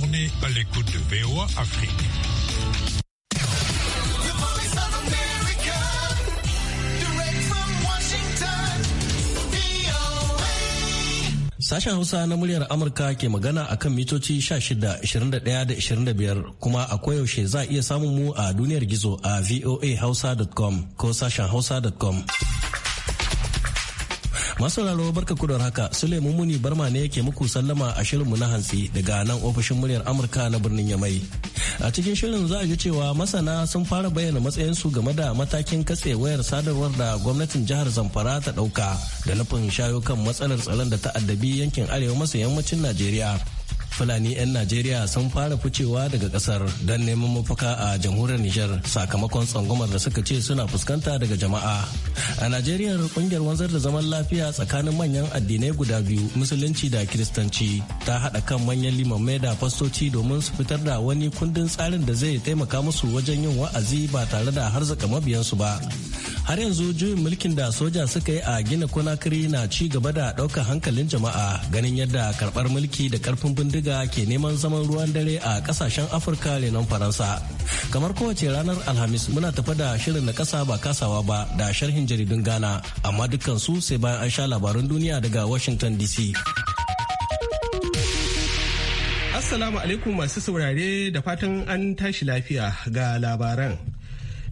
journée à l'écoute de VOA Afrique. Sashen Hausa na muryar Amurka ke magana a kan mitoci 16, 21 25 kuma a koyaushe za a iya samun mu a duniyar gizo a voahausa.com ko sashen hausa.com. masu lalowa barka kudar haka Suleiman Muni Barma ne yake muku sallama a shirinmu na hantsi daga nan ofishin muryar Amurka na birnin Yamai. A cikin shirin za a ji cewa masana sun fara bayyana matsayinsu game da matakin katse wayar sadarwar da gwamnatin jihar Zamfara ta ɗauka da nufin shayo kan matsalar tsaron da ta addabi yankin arewa maso yammacin Najeriya. Fulani 'yan Najeriya sun fara ficewa daga kasar don neman mafaka a jamhuriyar Nijar sakamakon tsangwamar da suka ce suna fuskanta daga jama'a. A Najeriya kungiyar wanzar da zaman lafiya tsakanin manyan addinai guda biyu musulunci da kiristanci ta haɗa kan manyan limamai da fastoci domin su fitar da wani kundin tsarin da zai taimaka musu wajen yin wa'azi ba tare da harzaka mabiyansu ba. har yanzu juyin mulkin da soja suka yi a gina konakiri na ci gaba da ɗaukar hankalin jama'a ganin yadda karɓar mulki da karfin bindiga ke neman zaman ruwan dare a ƙasashen afirka renon faransa kamar kowace ranar alhamis muna tafa da shirin na ƙasa ba kasawa ba da sharhin jaridun ghana amma dukkan sai bayan an sha labarun duniya daga washington dc assalamu alaikum masu saurare da fatan an tashi lafiya ga labaran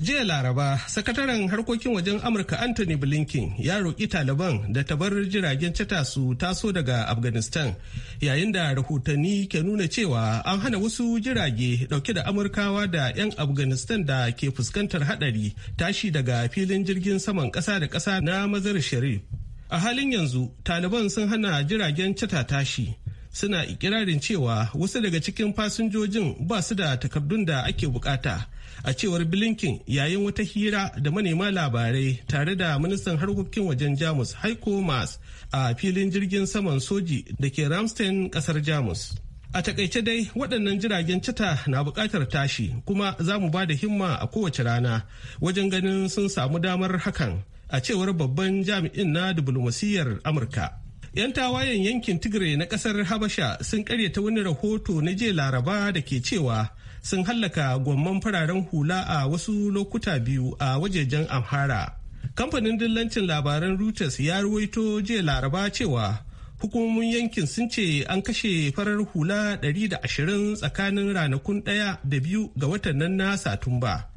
jiya laraba sakataren harkokin wajen amurka anthony blinken ya roƙi taliban da ta bar jiragen cata su taso daga afghanistan yayin da rahotanni ke nuna cewa an hana wasu jirage ɗauke da amurkawa da 'yan afghanistan da ke fuskantar hadari tashi daga filin jirgin saman ƙasa da ƙasa na mazar sharif a halin yanzu taliban sun hana jiragen cata tashi suna ikirarin cewa wasu daga cikin fasinjojin ba su da takardun da ake bukata a cewar blinken yayin wata hira da manema labarai tare da ministan harkokin wajen jamus heiko mas a filin jirgin saman soji da ke ramstein kasar jamus a takaice dai waɗannan jiragen cita na buƙatar tashi kuma za mu ba da himma a kowace rana wajen ganin sun samu damar hakan a cewar babban jami'in na diplomasiyyar amurka 'Yan tawayen yankin Tigray na kasar Habasha sun karyata wani rahoto na jiya Laraba da ke cewa sun hallaka gwamman fararen hula a wasu lokuta biyu a wajejen Amhara. Kamfanin dillancin labaran Reuters ya ruwaito jiya Laraba cewa hukumomin yankin sun ce an kashe farar hula 120 tsakanin ranakun ɗaya da biyu ga watan nan na Satumba.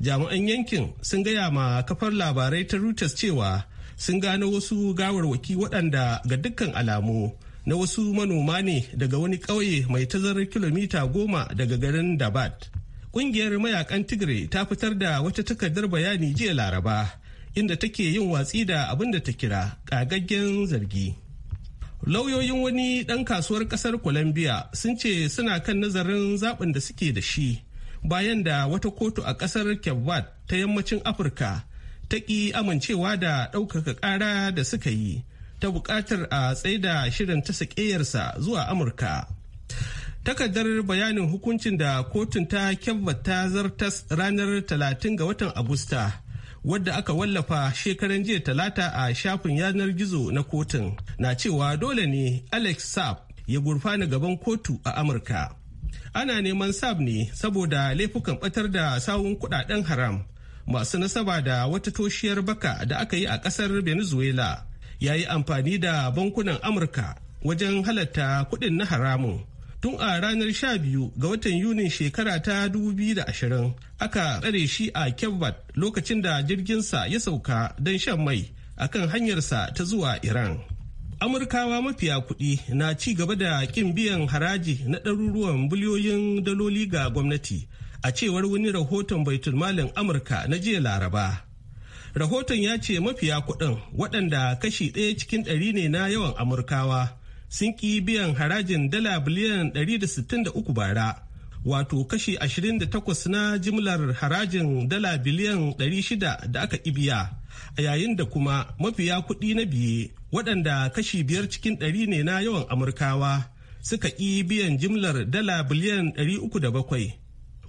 Jami'an yankin sun gaya ma kafar labarai ta Reuters cewa sun gano wasu gawarwaki waɗanda ga dukkan alamu na wasu manoma ne daga wani ƙauye mai tazarar kilomita goma daga garin dabat ƙungiyar mayakan tigray ta fitar da wata takardar bayani jiya laraba inda take yin watsi da abin da ta kira ƙagaggen zargi lauyoyin wani ɗan kasuwar ƙasar colombia sun ce suna kan nazarin zaɓin da suke da shi bayan da wata kotu a ƙasar kebbat ta yammacin afirka ta ƙi amincewa da ɗaukaka ƙara da suka yi ta buƙatar a tsaida shirin ta sakeyarsa zuwa amurka takardar bayanin hukuncin da kotun ta kyabata zartas ranar 30 ga watan agusta wadda aka wallafa shekaran jiya talata a shafin yanar gizo na kotun na cewa dole ne alex saab ya gurfana gaban kotu a amurka ana neman saab ne saboda laifukan batar da sawun kudaden haram masu nasaba da wata toshiyar baka da aka yi a ƙasar venezuela ya yi amfani da bankunan amurka wajen halatta kuɗin na haramun tun a ranar 12 ga watan yunin shekara ta 2020 aka tsare shi a kebbat lokacin da jirginsa ya sauka don shan mai akan hanyarsa ta zuwa iran amurkawa mafiya kuɗi na ci gaba da ƙin biyan haraji na ɗaruruwan biliyoyin daloli ga gwamnati a cewar wani rahoton tulmalin amurka na jiya laraba rahoton ya ce mafiya kuɗin waɗanda kashi ɗaya cikin ɗari ne na yawan amurkawa sun ƙi biyan harajin dala biliyan 163 bara wato kashi 28 na jimlar harajin dala biliyan 600 da aka ibiya a yayin da kuma mafiya kuɗi na biye waɗanda kashi biyar cikin ɗari ne na yawan amurkawa suka ki biyan jimlar dala biliyan 307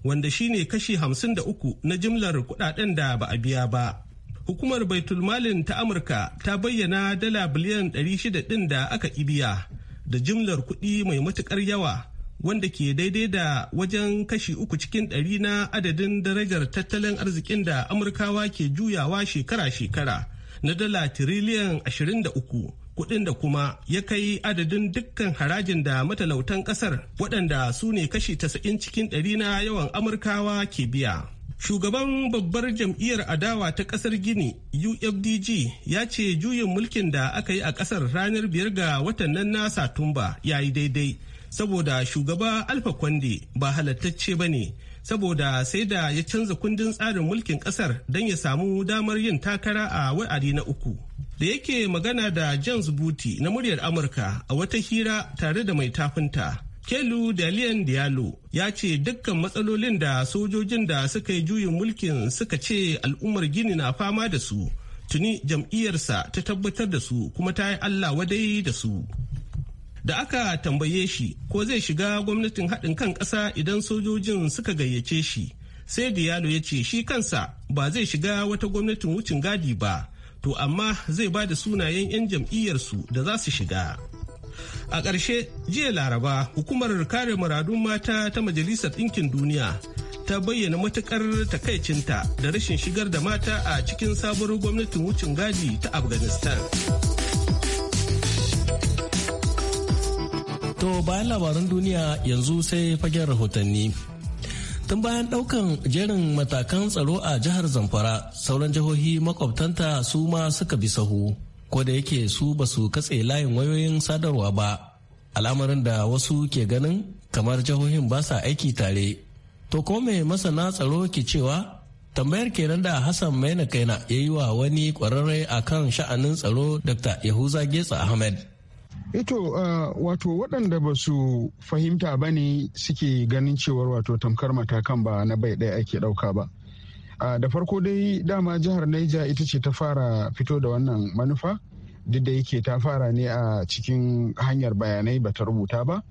wanda shine kashi 53 na jimlar kudaden da ba a biya ba. Hukumar Baitulmalin ta Amurka ta bayyana dala biliyan 600 ɗin da aka ibiya da jimlar kuɗi mai matuƙar yawa wanda ke daidai da wajen kashi uku cikin ɗari na adadin darajar tattalin arzikin da Amurkawa ke juyawa shekara-shekara na dala tiriliyan 23 kuɗin da kuma ya kai adadin dukkan harajin da matalautan ƙasar waɗanda su ne kashi tasa'in cikin ɗari na yawan amurkawa ke biya shugaban babbar jam'iyyar adawa ta ƙasar gini ufdg ya ce juyin mulkin da aka yi a ƙasar ranar biyar ga watan nan na satumba ya yi daidai saboda shugaba alfa kwande ba halattacce ba ne saboda sai da ya canza kundin tsarin mulkin ƙasar don ya samu damar yin takara a wa'adi na uku da yake magana da james buti na muryar amurka a wata hira tare da mai tafinta kelu dalian diallo ya ce dukkan matsalolin da sojojin da suka yi juyin mulkin suka ce al'ummar gini na fama da su tuni jam'iyyarsa ta tabbatar da su kuma ta yi allah wadai da su da aka tambaye shi ko zai shiga gwamnatin haɗin kan ƙasa idan sojojin suka gayyace shi sai diallo ya ce shi kansa ba zai shiga wata gwamnatin wucin gadi ba to amma zai ba da sunayen 'yan jam'iyyarsu da za su shiga. A ƙarshe jiya Laraba hukumar kare muradun mata ta Majalisar Ɗinkin Duniya ta bayyana matuƙar takaicinta da rashin shigar da mata a cikin sabuwar gwamnatin wucin gadi ta Afghanistan. To bayan labaran duniya yanzu sai fagen rahotanni. tun bayan daukan jerin matakan tsaro a jihar zamfara sauran jihohi makwabtanta su ma suka bi sahu ko da yake su ba su katse layin wayoyin sadarwa ba al'amarin da wasu ke ganin kamar jihohin ba sa aiki tare to ko mai masana tsaro ke cewa tambayar kenan da hassan maina kaina ya yi wa wani kwararre akan sha'anin tsaro dr yahuza getsa ahmed Ito eh uh, wato waɗanda ba su fahimta ba ne suke ganin cewar wato tamkar matakan ba na bai ɗaya ake ɗauka ba. Uh, da farko dai dama jihar Niger ita ce ta fara fito da wannan manufa duk da yake ta fara ne a cikin hanyar bayanai ba ta rubuta ba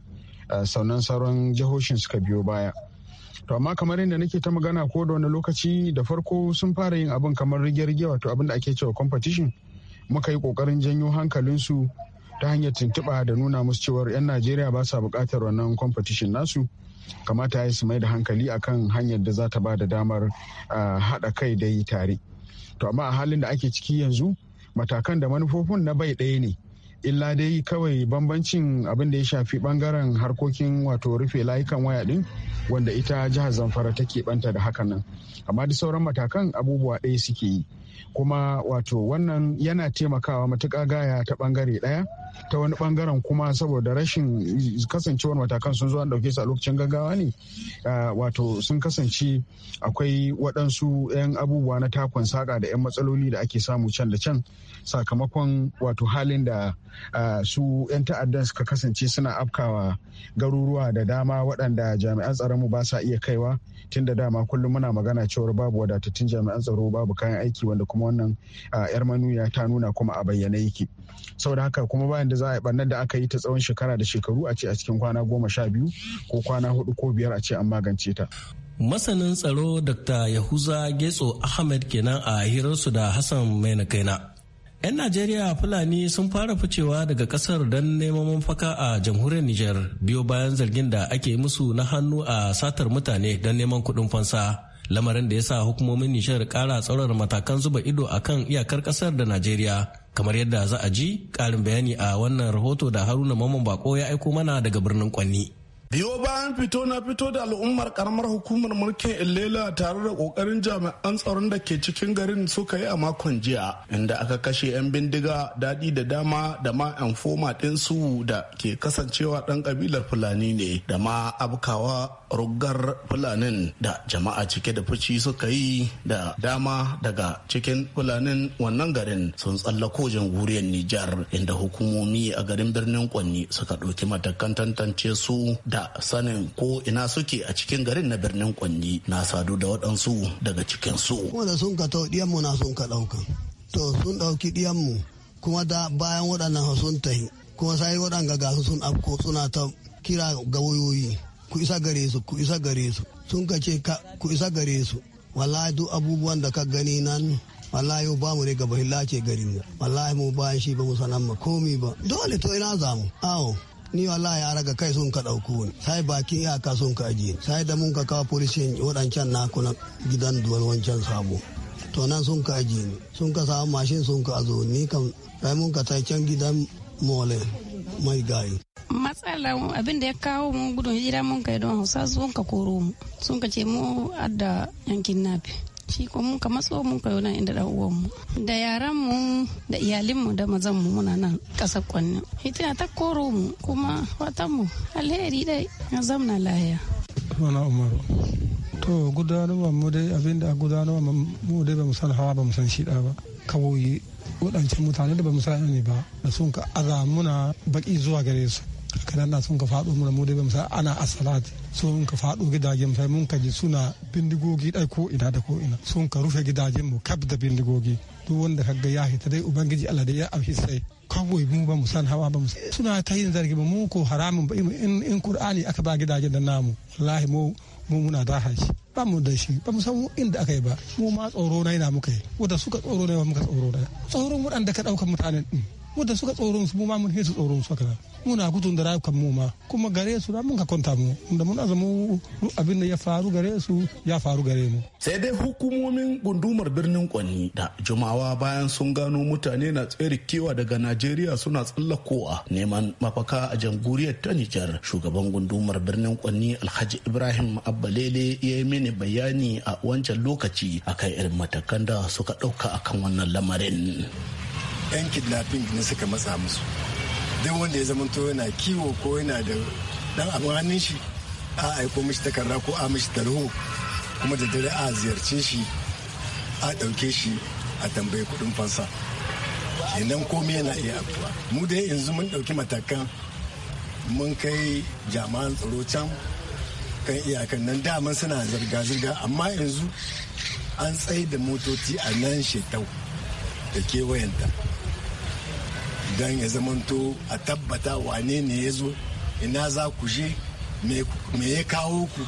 uh, sannan sauran jihohin suka biyo baya. To amma kamar yadda nake ta magana ko da wani lokaci da farko sun fara yin abin kamar rige-rige wato abin da ake cewa competition muka yi kokarin janyo hankalinsu ta hanyar tuntuɓa da nuna musu cewar 'yan najeriya ba sa buƙatar wannan kwamfetishin nasu kamata ya su mai da hankali akan hanyar da za ta ba da damar haɗa kai da yi tare to amma a halin da ake ciki yanzu matakan da manufofin na bai ɗaya ne illa dai kawai bambancin abin da ya shafi bangaren harkokin wato rufe layukan waya din wanda ita jihar zamfara take ɓanta da hakan nan amma da sauran matakan abubuwa ɗaya suke yi kuma wato wannan yana taimakawa matuƙa gaya ta ɓangare ɗaya ta wani ɓangaren kuma saboda rashin kasancewar matakan sun zo an ɗauke su a lokacin gaggawa ne wato sun kasance akwai waɗansu 'yan abubuwa na takon saƙa da 'yan matsaloli da ake samu can da can sakamakon wato halin da su 'yan ta'addan suka kasance suna afkawa garuruwa da dama waɗanda jami'an tsaron mu ba sa iya kaiwa tun da dama kullum muna magana cewar babu wadatattun jami'an tsaro babu kayan aiki wanda kuma wannan yar manuya ta nuna kuma a bayyane yake saboda haka kuma bayan da za a barnar da aka yi ta tsawon shekara da shekaru a ce a cikin kwana goma sha biyu ko kwana hudu ko biyar a ce an magance ta masanin tsaro dr yahuza getso ahmed kenan a hirarsu da hassan mai na kaina 'Yan Najeriya Fulani sun fara ficewa daga kasar don neman mafaka a jamhuriyar Nijar biyo bayan zargin da ake musu na hannu a satar mutane don neman kuɗin fansa. lamarin da ya sa hukumomin nishar kara tsaurar matakan zuba ido a kan iyakar kasar da najeriya kamar yadda za a ji karin bayani a wannan rahoto da haruna mamman bako ya aiko mana daga birnin kwanni biyo bayan fito na fito da al'ummar karamar hukumar mulkin illela tare da kokarin jami'an tsaron da ke cikin garin suka yi a makon jiya inda aka kashe 'yan bindiga daɗi da dama da ma 'yan foma su da ke kasancewa dan kabilar fulani ne da ma abkawa rugar fulanin da jama'a cike da fuci suka yi da dama daga cikin fulanin wannan garin sun tsallako jamhuriyar nijar inda hukumomi a garin birnin kwanni suka ɗauki matakan tantance su da da sanin ko ina suke a cikin garin na birnin kwanni na sadu da waɗansu daga cikin su. wanda sun ka tau mu na sun ka ɗauka to sun ɗauki mu kuma da bayan waɗannan sun tahi kuma sai waɗanga gasu sun afko suna ta kira ga wayoyi ku isa gare su ku isa gare su sun ka ce ku isa gare su wallahi duk abubuwan da ka gani nan wallahi ba mu ne gaba ce garin wallahi mu bayan shi ba mu sanan ma komi ba dole to ina zamu awo ni wallahi ya raga kai sun ka dauko ni sai bakin iyaka sun ka ajiye sai da mun ka kawo polisin wadancan naku na gidan duwal wancan sabo to nan sun ka ajiye ni sun ka samu mashin sun ka azo ni kam sai mun ka tai can gidan mole mai gayi matsalar abin da ya kawo mun gudun hijira mun kai don hausa sun ka koro mu sun ka ce mu adda yankin nafi shi ko mun ka matso mun ka nan inda dan uwan mu da yaran mu da iyalin mu da mazan mu muna nan kasar kwanne ita ta koro mu kuma fatan mu alheri dai na zamna lahiya mana umaru to gudanarwa mu dai abinda gudanarwa mu dai ba mu san hawa ba mu san shida ba kawai waɗancan mutane da ba mu sani ba da sun ka aza muna baki zuwa gare su kanan na sun ka faɗo mura mu dai musa ana asalati sun ka faɗo gidajen sai mun ka ji suna bindigogi ɗai ko ina da ko ina sun ka rufe gidajen mu kaf da bindigogi duk wanda ga ya hita dai ubangiji Allah da ya afi sai kawai mu ba mu san hawa ba mu suna ta yin zargi ba mu ko haramun ba in in Qur'ani aka ba gidajen da namu wallahi mu mu muna da haji ba mu da shi ba mu san inda aka yi ba mu ma tsoro na yana muka yi wanda suka tsoro na muka tsoro na tsoron waɗanda ka ɗaukar mutanen din mm. da suka tsoron su ma mun hesu tsoron su haka muna gudun da rayukan mu ma kuma gare su da mun ka kwanta mu da mun azumu duk abin da ya faru gare su ya faru gare mu sai dai hukumomin gundumar birnin Kwani da Jumawa bayan sun gano mutane na tsere kewa daga Najeriya suna tsallakowa neman mafaka a jamhuriyar ta Nijar shugaban gundumar birnin Kwani Alhaji Ibrahim Abbalele ya yi mini bayani a wancan lokaci akan irin matakan da suka dauka akan wannan lamarin. 'yan kidnapping ne suka matsa musu duk wanda ya zamanto yana kiwo ko yana da dan abin hannun shi a aiko mishi takarda ko a mishi talho kuma da dare a ziyarce shi a ɗauke shi a tambayi kuɗin fansa kenan komai yana iya afuwa mu dai yanzu mun ɗauki matakan mun kai jami'an tsaro can kan iyakan nan daman suna zirga-zirga amma yanzu an tsaye da motoci a nan shekau da kewayenta don ya zamanto a tabbata wane ne ya zo ina za ku je me ya kawo ku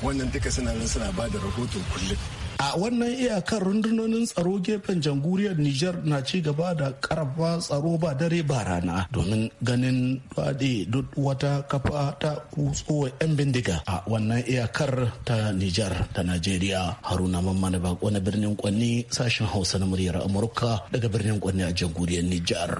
wannan duka suna suna ba da rahoton kullum a wannan iyakar rundunonin tsaro gefen jamhuriyar niger na ci gaba da karfa tsaro ba dare ba rana domin ganin fadi duk wata kafa ta kutsowa 'yan bindiga a wannan iyakar ta niger ta nigeria haruna mamman bako na birnin kwanni sashen hausa na muryar amurka daga birnin kwanni a jamhuriyar niger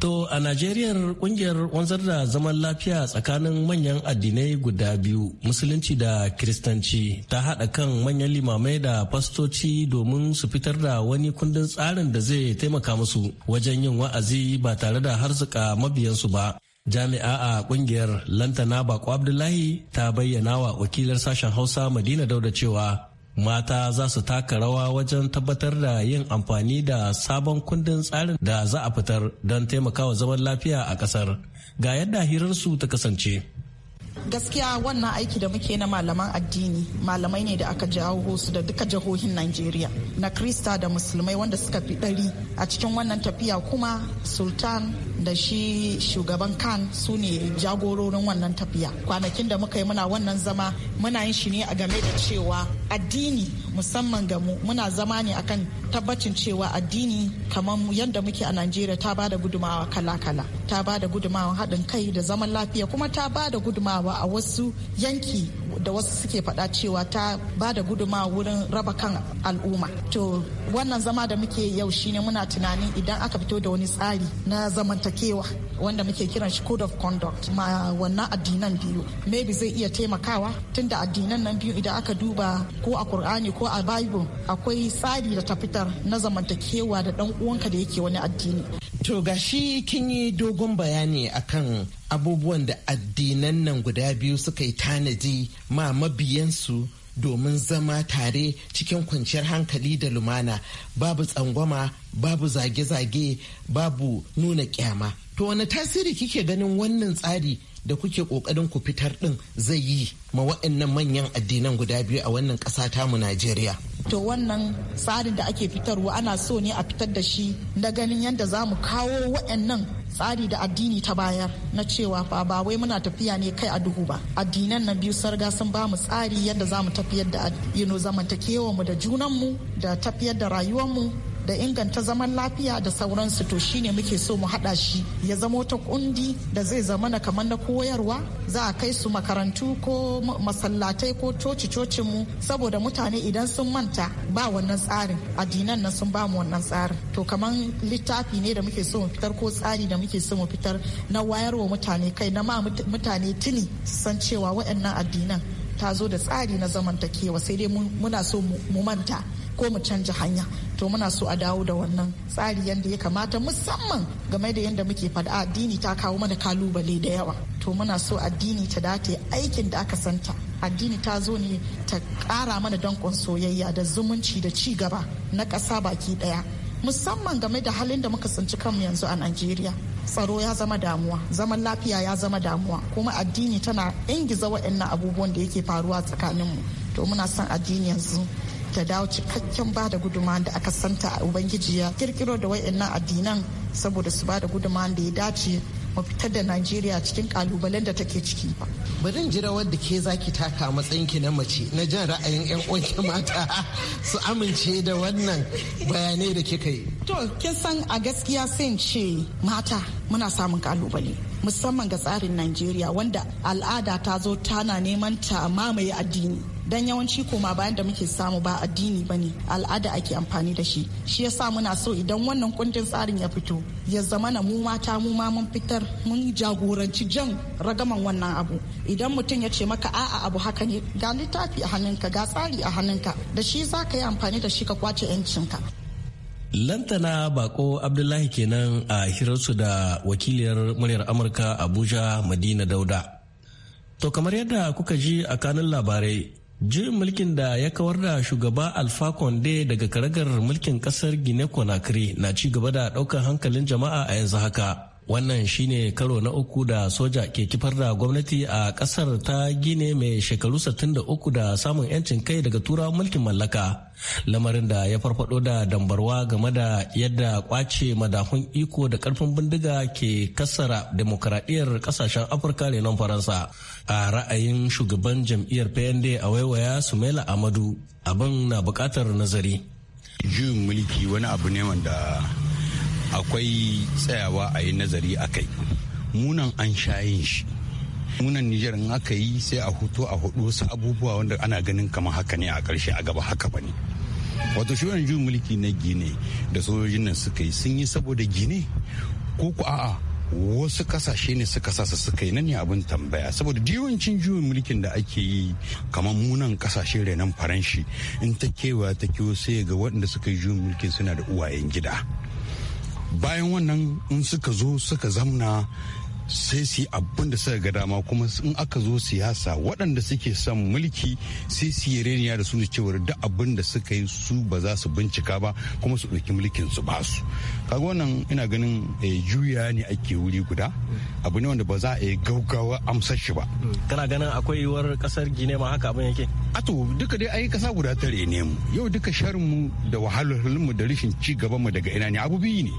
To a Najeriya kungiyar wanzar da zaman lafiya tsakanin manyan addinai guda biyu musulunci da kiristanci ta haɗa kan manyan limamai da fastoci domin su fitar da wani kundin tsarin da zai taimaka musu wajen yin wa'azi ba tare da harzuka mabiyansu ba. Jami'a a kungiyar Lantana Bako Abdullahi ta bayyana wa wakilar sashen Hausa Madina Dauda cewa mata za su taka rawa wajen tabbatar da yin amfani da sabon kundin tsarin da za a fitar don taimakawa zaman lafiya a kasar ga yadda hirarsu ta kasance gaskiya wannan aiki da muke na malaman addini malamai ne da aka jawo su da duka jihohin Najeriya na Krista da musulmai wanda suka fi ɗari a cikin wannan tafiya kuma sultan da shi shugaban kan su ne jagororin wannan tafiya kwanakin da muka yi muna wannan zama muna yin shi ne a game da cewa addini musamman ga mu muna zama ne akan tabbacin cewa addini kamar yadda muke a Najeriya ta bada gudumawa kala-kala ta bada gudumawa haɗin kai da zaman lafiya kuma ta bada gudumawa a wasu yanki da wasu suke faɗa cewa ta ba da guduma wurin raba kan al'umma to wannan zama da muke yau shine muna tunanin idan aka fito da wani tsari na zamantakewa wanda muke kiran shi code of conduct ma wannan addinan biyu maybe zai iya taimakawa tun da addinan nan biyu idan aka duba ko a kur'ani ko a bible akwai tsari da ta fitar na zamantakewa da dan uwanka da yake wani addini to gashi kin yi dogon bayani akan abubuwan da addinan nan guda biyu suka yi tanadi ma mabiyansu domin zama tare cikin kwanciyar hankali da lumana babu tsangwama babu zage-zage babu nuna kyama to wani tasiri kike ganin wannan tsari da kuke kokarin ku fitar din zai yi ma waɗannan manyan addinan guda biyu a wannan ƙasa tamu najeriya to wannan tsarin da ake fitarwa ana so ne a fitar da shi na ganin yadda za mu kawo wa'annan tsari da addini ta bayar na cewa fa ba wai muna tafiya ne kai a duhu ba addinan na biyu sarga sun ba mu tsari yadda za mu tafiyar da zamantakewa mu da junanmu da tafiyar da rayuwarmu da inganta zaman lafiya da sauransu to shine muke so mu haɗa shi ya zama wata kundi da zai zama na kamar na koyarwa za a kai su makarantu ko masallatai ko coci cocin mu saboda mutane idan sun manta ba wannan tsarin addinan na sun ba mu wannan tsarin to kamar littafi ne da muke so mu fitar ko tsari da muke so mu fitar na wayarwa mutane kai na ma mutane tuni san cewa waɗannan addinan ta zo da tsari na zamantakewa sai dai muna so mu manta ko mu canja hanya to muna so a dawo da wannan tsari yadda ya kamata musamman game da yadda muke faɗa addini ta kawo mana kalubale da yawa to muna so addini ta dace aikin da aka santa addini ta zo ne ta ƙara mana dankon soyayya da zumunci da ci gaba na ƙasa baki ɗaya musamman game da halin da muka tsinci kanmu yanzu a Najeriya. Tsaro ya zama damuwa, zaman lafiya ya zama damuwa, kuma addini tana ingiza waɗannan abubuwan da yake faruwa tsakaninmu. To muna son addini yanzu ta dawo cikakken ba da guduma da aka santa a ubangiji ya kirkiro da wayannan addinan saboda su ba da guduma da ya dace mu fitar da najeriya cikin kalubalen da take ciki bari in jira wadda ke zaki taka matsayin ki na mace na jan ra'ayin yan uwanki mata su amince da wannan bayanai da kika yi to kin san a gaskiya sai ce mata muna samun kalubale musamman ga tsarin Najeriya wanda al'ada ta zo tana neman ta mamaye addini. Dan yawanci koma bayan da muke samu ba addini ba ne al'ada ake amfani da shi. Shi yasa muna so idan wannan kundin tsarin ya fito ya zama na mu mata mu ma mun fitar mun jagoranci jan ragaman wannan abu. Idan mutum ya ce maka a'a abu haka ne ga littafi a hannunka ga tsari a hannunka da shi za ka yi amfani da shi ka kwace 'yancinka. Lantana Bako Abdullahi kenan a hirarsu da wakiliyar muryar Amurka Abuja Madina Dauda. To kamar yadda kuka ji a kanun labarai, juyin mulkin da ya kawar da shugaba Alfa Conde daga karagar mulkin kasar Guinea Conakry na ci gaba da ɗaukar hankalin jama'a a yanzu haka. wannan shine karo na uku da soja ke kifar da gwamnati a kasar ta gine mai shekaru 63 da samun 'yancin kai daga tura mulkin mallaka lamarin da ya farfado da dambarwa game da yadda kwace madafun iko da karfin bindiga ke kasara demokaradiyyar kasashen afirka nan faransa a ra'ayin shugaban jam'iyyar pnd a waiwaya sumaila amadu abin na bukatar nazari juyin mulki wani abu ne wanda akwai tsayawa a yi nazari a kai munan an sha yin shi munan nijar in aka yi sai a hutu a hudu wasu abubuwa wanda ana ganin kamar haka ne a karshe a gaba haka ba ne wato shi juyin mulki na gine da sojojin nan suka yi sun yi saboda gine ko ku a'a wasu kasashe ne suka sasa suka yi nan ne abin tambaya saboda diwancin juyin mulkin da ake yi kamar munan kasashe renon faranshi in ta kewa ta kewa sai ga waɗanda suka yi juyin mulkin suna da uwayen gida bayan wannan in suka zo suka zamna sai su yi abin da suka ga dama kuma in aka zo siyasa waɗanda suke son mulki sai su yi reniya da su da cewar duk abin da suka yi su ba za su bincika ba kuma su ɗauki mulkin su ba su kaga wannan ina ganin eh, juya ne ake wuri guda abu ne wanda ba za a yi gaugawa amsar shi ba kana ganin akwai yiwuwar kasar gine ma haka abin yake ato duka dai ai kasa guda tare ne mu yau duka sharin mu da wahalar mu da rashin ci gaban mu daga ina ne abu biyu ne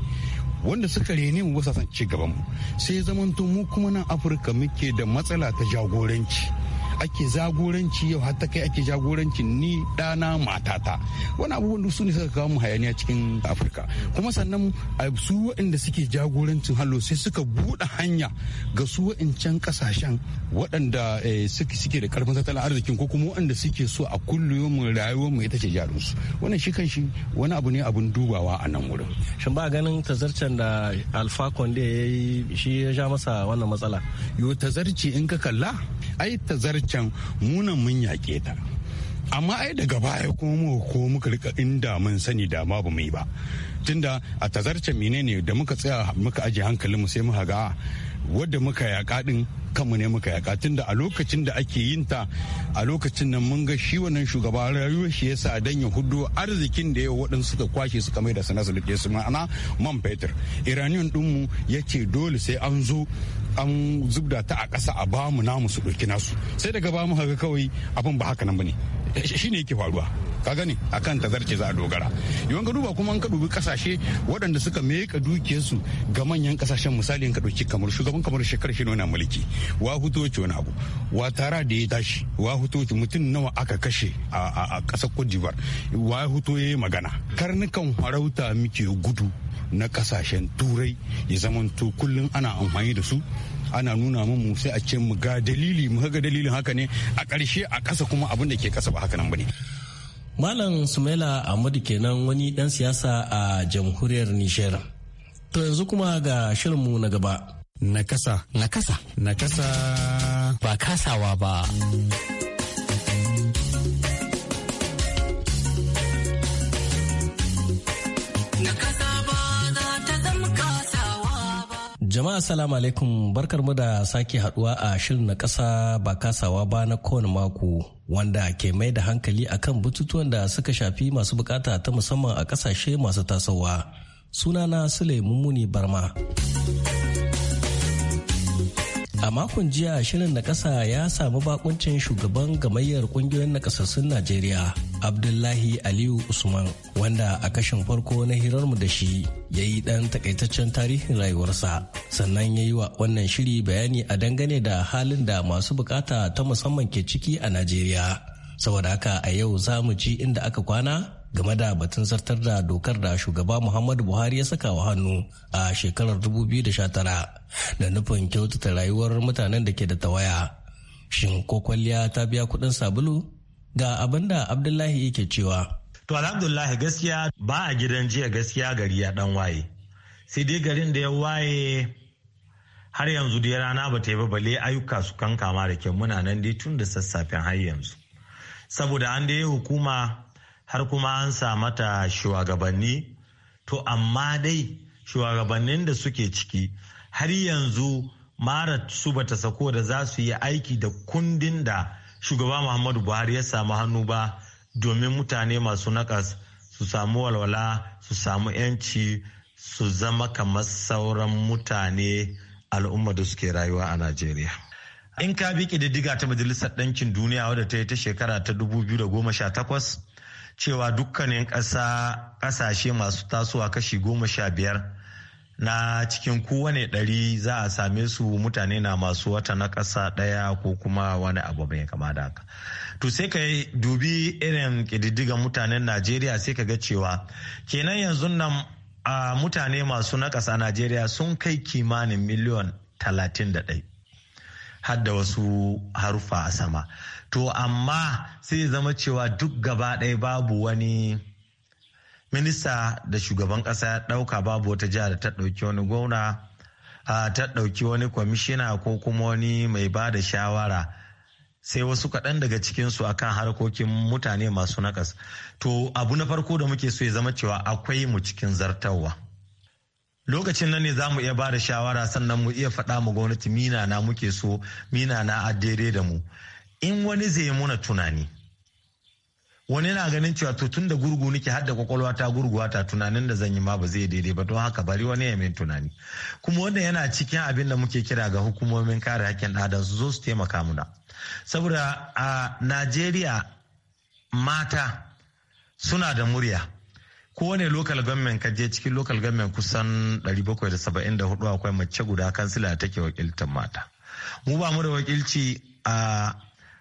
wanda suka rene mu ba san ci gaban mu sai zamantu mu kuma nan afirka muke da matsala ta jagoranci ake zagoranci yau har ta kai ake jagorancin ni dana matata wani abubuwan su ne suka kawo mu hayaniya cikin afirka kuma sannan su waɗanda suke jagorancin hallo sai suka buɗe hanya ga su waɗancan ƙasashen waɗanda eh, suke da ƙarfin tattalin arzikin ko kuma waɗanda suke so a kullum rayuwar mu ita ce jarinsu wannan shi kan wani abu ne abun dubawa a nan wurin shin ba ganin tazarcen da alfa konde ya yi shi ya ja masa wannan matsala yo tazarci in ka kalla ai ta zarcen munan mun yaƙe ta amma ai daga baya kuma muka ko muka rika inda mun sani da ma bamu yi ba tunda a tazarce menene da muka tsaya muka aje hankalin mu sai muka ga ah, wadda muka yaka din kanmu ne muka yaƙa. tunda a lokacin da ake yin ta a lokacin nan mun ga shi wannan shugaba rayuwar shi yasa dan ya hudu arzikin da yau waɗansu suka kwashe suka mai da sana su ma'ana man fetur iraniyan ɗinmu ya ce dole sai an zo an zubda ta a ƙasa a ba mu namu su ɗauki nasu sai daga ba mu haka kawai abin ba haka nan bane ne yake faruwa ka gani a akan tazarce za a dogara yawan ka duba kuma an ka dubi ƙasashe waɗanda suka meka dukiyarsu ga manyan kasashen misali ka ɗauki kamar shugaban kamar shekar shi na mulki wa hutoci wani abu wa tara da ya tashi wa hutoci mutum nawa aka kashe a ƙasar cote d'ivoire wa huto ya yi magana karnukan farauta muke gudu na kasashen turai ya zamanto kullum ana amfani da su ana nuna mu sai a ce mu ga dalili mu ga dalilin haka ne a ƙarshe a ƙasa kuma abin da ke ƙasa ba haka nan ne. Malam Sumaila Ahmadu kenan wani ɗan siyasa a jamhuriyar Nijar. To yanzu kuma ga mu na gaba. Na Na kasa. kasa. Na kasa. Ba kasawa ba. Jama'a salamu alaikum barkar mu da sake haduwa a shirin na kasa ba kasawa ba na kowane mako wanda ke mai da hankali akan batutuwan da suka shafi masu bukata ta musamman a kasashe masu tasowa. Sunana Sule Mummuni Barma. A makon jiya shirin na kasa ya samu bakuncin shugaban gamayyar kungiyoyin nakasassun Najeriya Abdullahi Aliyu Usman wanda a kashin farko na hirarmu da shi ya yi ɗan takaitaccen tarihin rayuwarsa sannan ya yi wa wannan shiri bayani a dangane da halin da masu bukata ta musamman ke ciki a Najeriya. Saboda haka a yau za mu ji inda aka kwana game da batun zartar da dokar da shugaba Muhammadu Buhari ya saka wa hannu a shekarar 2019 da nufin kyautata rayuwar mutanen da ke da tawaya. Shin ko kwalliya ta biya kuɗin sabulu? ga abinda abdullahi yake cewa to alhamdulillah gaskiya ba a gidan jiya gaskiya gari ya dan waye sai dai garin da ya waye har yanzu dai rana ba ta yi ba bale ayyuka su kankama da kyau muna nan dai tun da sassafen har yanzu saboda an dai hukuma har kuma an sa mata shugabanni to amma dai shugabannin da suke ciki har yanzu mara su bata sako da za su yi aiki da kundin da shugaba muhammadu buhari ya samu hannu ba domin mutane masu nakas su samu walwala su samu 'yanci su zama kamar sauran mutane al'umma da suke rayuwa a najeriya in ka bi ƙididdiga ta majalisar ɗankin duniya wadda ta yi ta shekara ta 2018 cewa dukkanin ƙasashe masu tasowa kashi goma sha biyar na cikin kowane ɗari za a same su mutane na masu wata na ƙasa ɗaya ko kuma wani abu bai kama da haka to sai ka dubi irin ƙididdigan mutanen najeriya sai ka ga cewa kenan yanzu nan mutane masu na ƙasa najeriya sun kai kimanin miliyon talatin da ɗai har da wasu harufa a sama to amma sai zama cewa duk gaba ɗaya babu wani minista da shugaban kasa ya dauka babu wata jihar da ta ɗauki wani gwamna ta dauki wani kwamishina ko kuma wani mai ba da shawara sai wasu kaɗan daga cikinsu akan harkokin mutane masu nakas to abu na farko da muke so ya zama cewa akwai mu cikin zartawa. lokacin nan ne za mu iya ba da shawara sannan mu iya faɗa mu gwamnati mina na muke so mina na addere da mu in wani zai muna tunani wani na ganin cewa to tun da gurgu nake hadda kwakwalwa ta gurguwa ta tunanin da zan yi ma ba zai daidai ba don haka bari wani ya min tunani kuma wannan yana cikin abin da muke kira ga hukumomin kare hakkin ɗan su zo su taimaka muna saboda a najeriya mata suna da murya kowane local government ka je cikin lokal government kusan 774 akwai mace guda kansila take wakiltar mata mu ba mu da wakilci a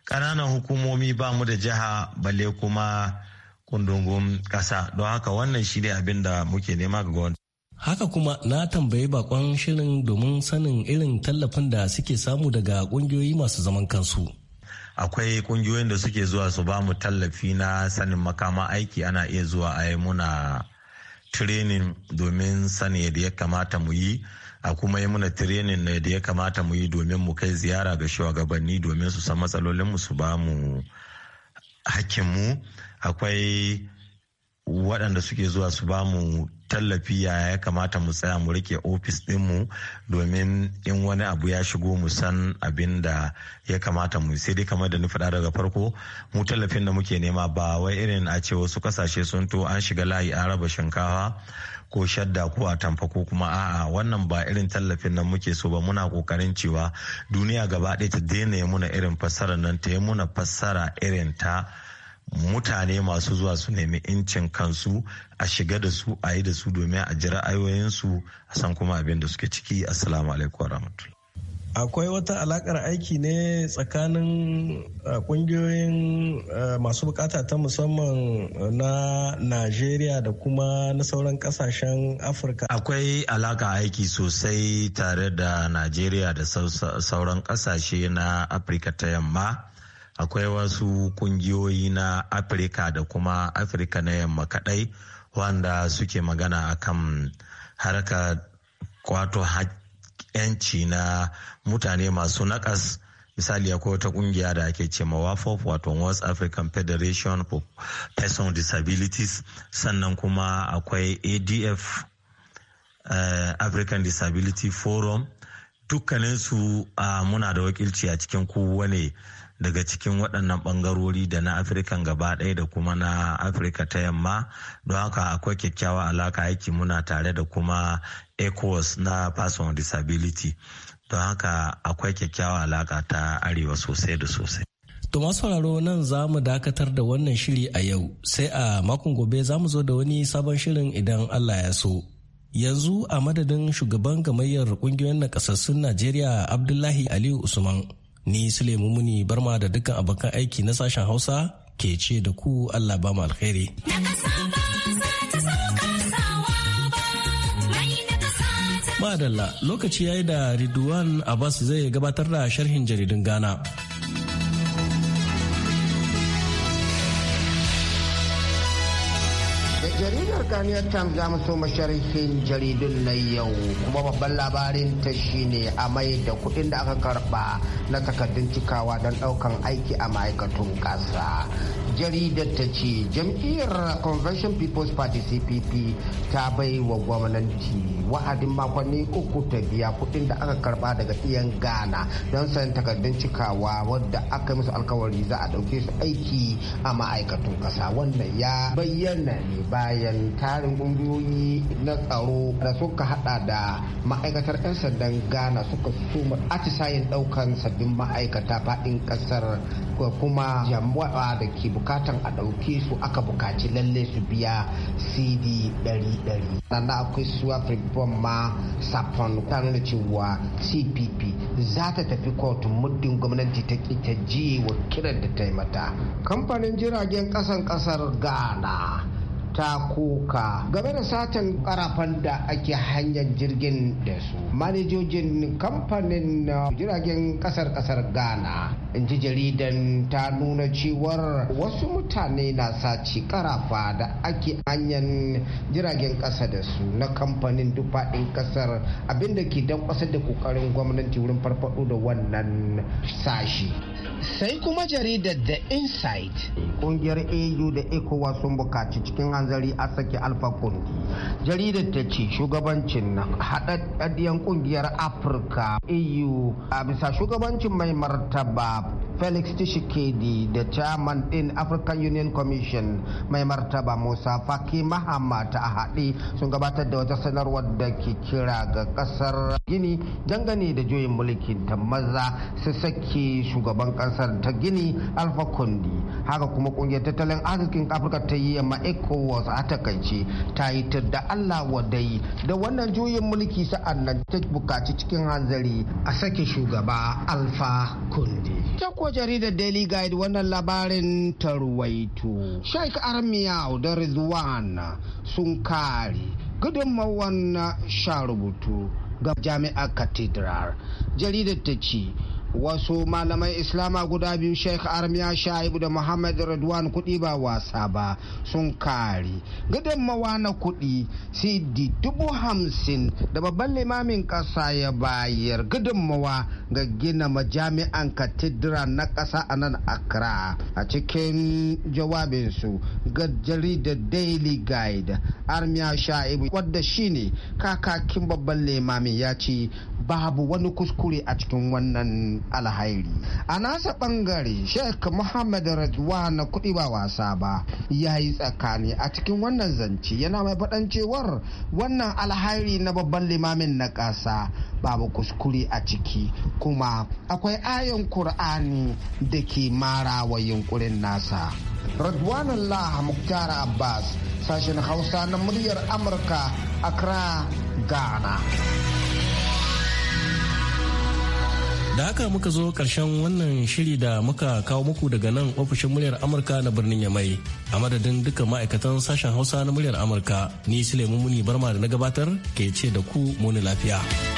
ƙananan hukumomi ba mu da jiha balle kuma kundungun ƙasa don haka wannan shi ne abin da muke nema ga gwamnati. Haka kuma na tambayi bakon shirin domin sanin irin tallafin da suke samu daga ƙungiyoyi masu zaman kansu. Akwai ƙungiyoyin da suke zuwa su ba mu tallafi na sanin makama aiki ana iya zuwa a yi muna training domin sani yadda ya kamata mu yi. a kuma yi muna tirenin ne da ya kamata mu yi domin mu kai ziyara ga shugabanni domin su san mu su ba mu mu akwai waɗanda suke zuwa su ba mu tallafi ya ya kamata mu tsaya mu rike ofis mu domin in wani abu ya shigo mu san abin da ya kamata mu sai dai kamar da ni faɗa daga farko mu tallafin da muke nema ba wai irin a ce wasu kasashe sun to an shiga layi an raba shinkafa ko shadda ko a tamfa ko kuma a'a wannan ba irin tallafin nan muke so ba muna kokarin cewa duniya gaba ɗaya ta daina ya muna irin fassara nan ta yi muna fassara irin ta mutane masu zuwa su nemi incin kansu a shiga da su a yi da su domin a ji ra'ayoyinsu a san kuma abin da suke ciki assalamu alaikum warahmatullahi akwai wata alakar aiki ne tsakanin kungiyoyin masu bukata ta musamman na nigeria da kuma na sauran kasashen afirka akwai alaka aiki sosai tare da nigeria da sauran kasashe na afirka ta yamma akwai wasu kungiyoyi na afirka da kuma afirka na yamma kadai wanda suke magana akan harkar kwato 'yanci na mutane masu nakas misali akwai wata kungiya da ake ce ma wafof wato west african federation for person with disabilities sannan kuma akwai adf uh, eh, african disability forum dukkaninsu uh, muna da wakilci a cikin kowane daga cikin waɗannan ɓangarori da na afirka gaba ɗaya da kuma na afirka ta yamma don haka akwai kyakkyawa alaka aiki muna tare da kuma ecowas na person with disability don haka akwai kyakkyawa alaka ta arewa sosai da sosai To masu sauraro nan za mu dakatar da wannan shiri a yau sai a makon gobe za mu zo da wani sabon shirin idan Allah ya so. Yanzu a madadin shugaban gamayyar kungiyoyin nakasassun Najeriya Abdullahi Aliyu Usman ni Suleiman Muni Barma da dukkan abokan aiki na sashen Hausa ke ce da ku Allah ba mu alkhairi. Madalla lokaci ya yi da Ridwan Abbas zai gabatar da sharhin jaridun Ghana. jaridar ganiyar times za mu so masharhin jaridun na yau kuma babban labarin ta shine a mai da kudin da aka karba na takardun cikawa don daukan aiki a ma'aikatun kasa jaridar ta ce jam'iyyar convention people's party cpp ta bai wa gwamnati wa'adin makonni uku ta biya kudin da aka karba daga iyan ghana don sayan takardun cikawa wadda aka yi musu alkawari za a dauke su aiki a ma'aikatun kasa wannan ya bayyana ne bayan tarin ƙungiyoyi na tsaro da suka hada da ma'aikatar 'yan sandan ghana suka suma atisayen daukan sabbin ma'aikata faɗin kasar kuma jama'a da ke bukatan a ɗauke su aka bukaci lalle su biya cd 100 na akwai suwa prepon ma sapon ta cewa cpp za ta tafi kotu muddin gwamnati ta ta jiye wa kiran da ta mata kamfanin jiragen ƙasan ƙasar ghana ta koka game da satan karafan da ake hanyar jirgin da su manajojin kamfanin uh, jiragen kasar kasar ghana in ji jaridan ta nuna cewar wasu mutane na saci karafa da ake hanyar jiragen kasa da su na kamfanin dufaɗin kasar abinda ke don da kokarin gwamnati wurin farfado da wannan sashi sai kuma jaridar the insight kungiyar au da ecowas sun bukaci cikin hanzari a sake alfa kundi jaridar ta ce shugabancin haɗaɗɗiyar kungiyar afirka au a bisa shugabancin mai martaba felix tshisekedi da chairman din african union commission mai martaba musa faki ta a haɗe sun gabatar da wata sanarwar da ke kira ga kasar gini dangane da juyin mulkin ta maza su saki shugaban ƙasar ta gini alfa kundi haka kuma ƙungiyar tattalin arzikin afirka ta yi yamma ecowas a takaice ta yi ta da allah wadai da wannan juyin mulki sa'an nan ta bukaci cikin hanzari a sake shugaba alfa kundi jaridar Daily Guide wannan labarin ta tarwaito. Sheikh Armiyau da Rizwan sun kare gudunmawan sha rubutu ga jami'ar Cathedral. Jaridar ta ce wasu malamai islama guda biyu sheikh armiya shaibu da muhammad radwan kudi ba wasa ba sun kare gudunmawa na kuɗi cd dubu hamsin da babban limamin kasa ya bayar gudunmawa ga gina majami'an katidra na kasa a nan accra a cikin jawabinsu ga jaridar daily guide armiya shaibu wadda ne kakakin babban limamin ya ce babu wani kuskure a cikin wannan alhairi a nasa bangare sheikh muhammad Rajwa na kuɗi ba wasa ba ya yi tsakani a cikin wannan zance yana mai faɗan cewar wannan alhairi na babban limamin na ƙasa babu kuskure a ciki kuma akwai ayon kur'ani da ke mara wa yunkurin nasa radwanullah muktar abbas sashen hausa na muryar amurka accra ghana Da haka muka zo karshen wannan shiri da muka kawo muku daga nan ofishin muryar Amurka na birnin Yamai. A madadin duka ma'aikatan sashen Hausa na muryar Amurka, ni Suleiman Muni Barma da na gabatar ke ce da ku muni lafiya.